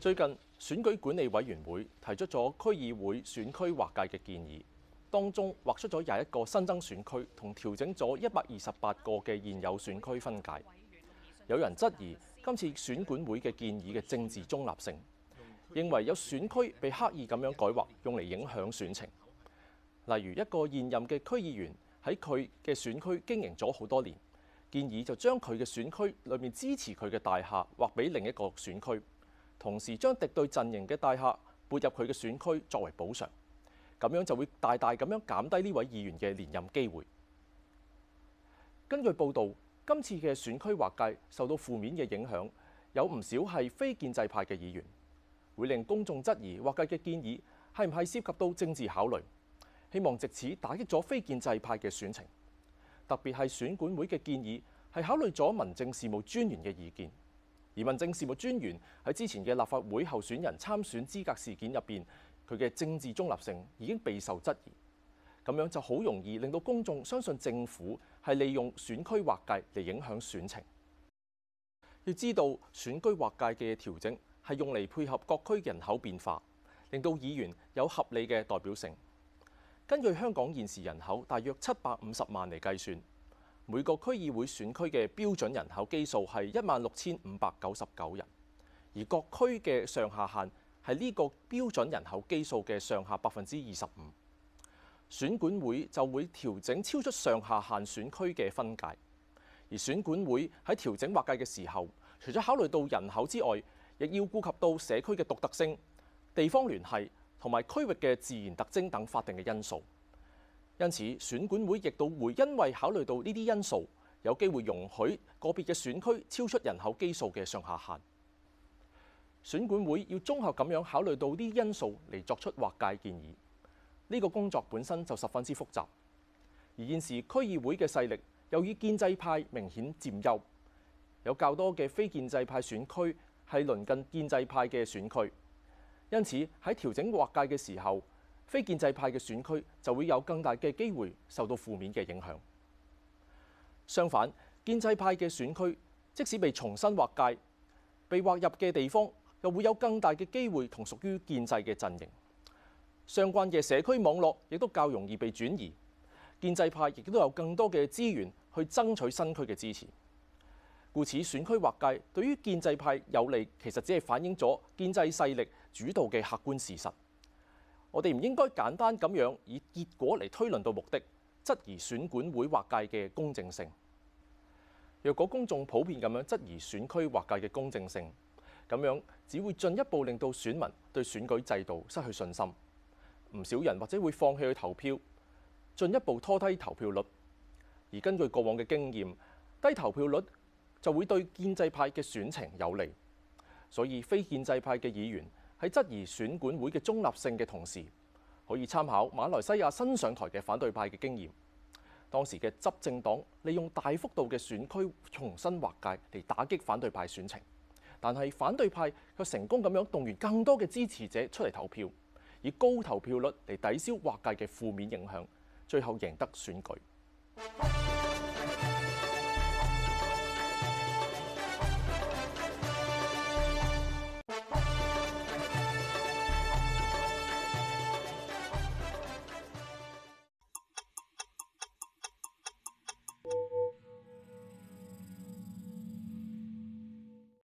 最近選舉管理委員會提出咗區議會選區劃界嘅建議，當中劃出咗廿一個新增選區，同調整咗一百二十八個嘅現有選區分界。有人質疑今次選管會嘅建議嘅政治中立性，認為有選區被刻意咁樣改劃，用嚟影響選情。例如一個現任嘅區議員喺佢嘅選區經營咗好多年，建議就將佢嘅選區裏面支持佢嘅大廈劃俾另一個選區。同時將敵對陣營嘅大廈撥入佢嘅選區作為補償，咁樣就會大大咁樣減低呢位議員嘅連任機會。根據報導，今次嘅選區劃界受到負面嘅影響，有唔少係非建制派嘅議員，會令公眾質疑劃界嘅建議係唔係涉及到政治考慮。希望藉此打擊咗非建制派嘅選情，特別係選管會嘅建議係考慮咗民政事務專員嘅意見。而民政事務專員喺之前嘅立法會候選人參選資格事件入邊，佢嘅政治中立性已經備受質疑，咁樣就好容易令到公眾相信政府係利用選區劃界嚟影響選情。要知道選區劃界嘅調整係用嚟配合各區人口變化，令到議員有合理嘅代表性。根據香港現時人口大約七百五十萬嚟計算。每個區議會選區嘅標準人口基數係一萬六千五百九十九人，而各區嘅上下限係呢個標準人口基數嘅上下百分之二十五。選管會就會調整超出上下限選區嘅分界，而選管會喺調整劃界嘅時候，除咗考慮到人口之外，亦要顧及到社區嘅獨特性、地方聯繫同埋區域嘅自然特徵等法定嘅因素。因此，選管會亦都會因為考慮到呢啲因素，有機會容許個別嘅選區超出人口基數嘅上下限。選管會要綜合咁樣考慮到啲因素嚟作出劃界建議。呢個工作本身就十分之複雜。而現時區議會嘅勢力，由於建制派明顯佔優，有較多嘅非建制派選區係鄰近建制派嘅選區，因此喺調整劃界嘅時候，非建制派嘅選區就會有更大嘅機會受到負面嘅影響。相反，建制派嘅選區即使被重新劃界，被劃入嘅地方又會有更大嘅機會同屬於建制嘅陣營。相關嘅社區網絡亦都較容易被轉移，建制派亦都有更多嘅資源去爭取新區嘅支持。故此，選區劃界對於建制派有利，其實只係反映咗建制勢力主導嘅客觀事實。我哋唔應該簡單咁樣以結果嚟推論到目的，質疑選管會劃界嘅公正性。若果公眾普遍咁樣質疑選區劃界嘅公正性，咁樣只會進一步令到選民對選舉制度失去信心。唔少人或者會放棄去投票，進一步拖低投票率。而根據過往嘅經驗，低投票率就會對建制派嘅選情有利，所以非建制派嘅議員，喺質疑選管會嘅中立性嘅同時，可以參考馬來西亞新上台嘅反對派嘅經驗。當時嘅執政黨利用大幅度嘅選區重新劃界嚟打擊反對派選情，但係反對派卻成功咁樣動員更多嘅支持者出嚟投票，以高投票率嚟抵消劃界嘅負面影響，最後贏得選舉。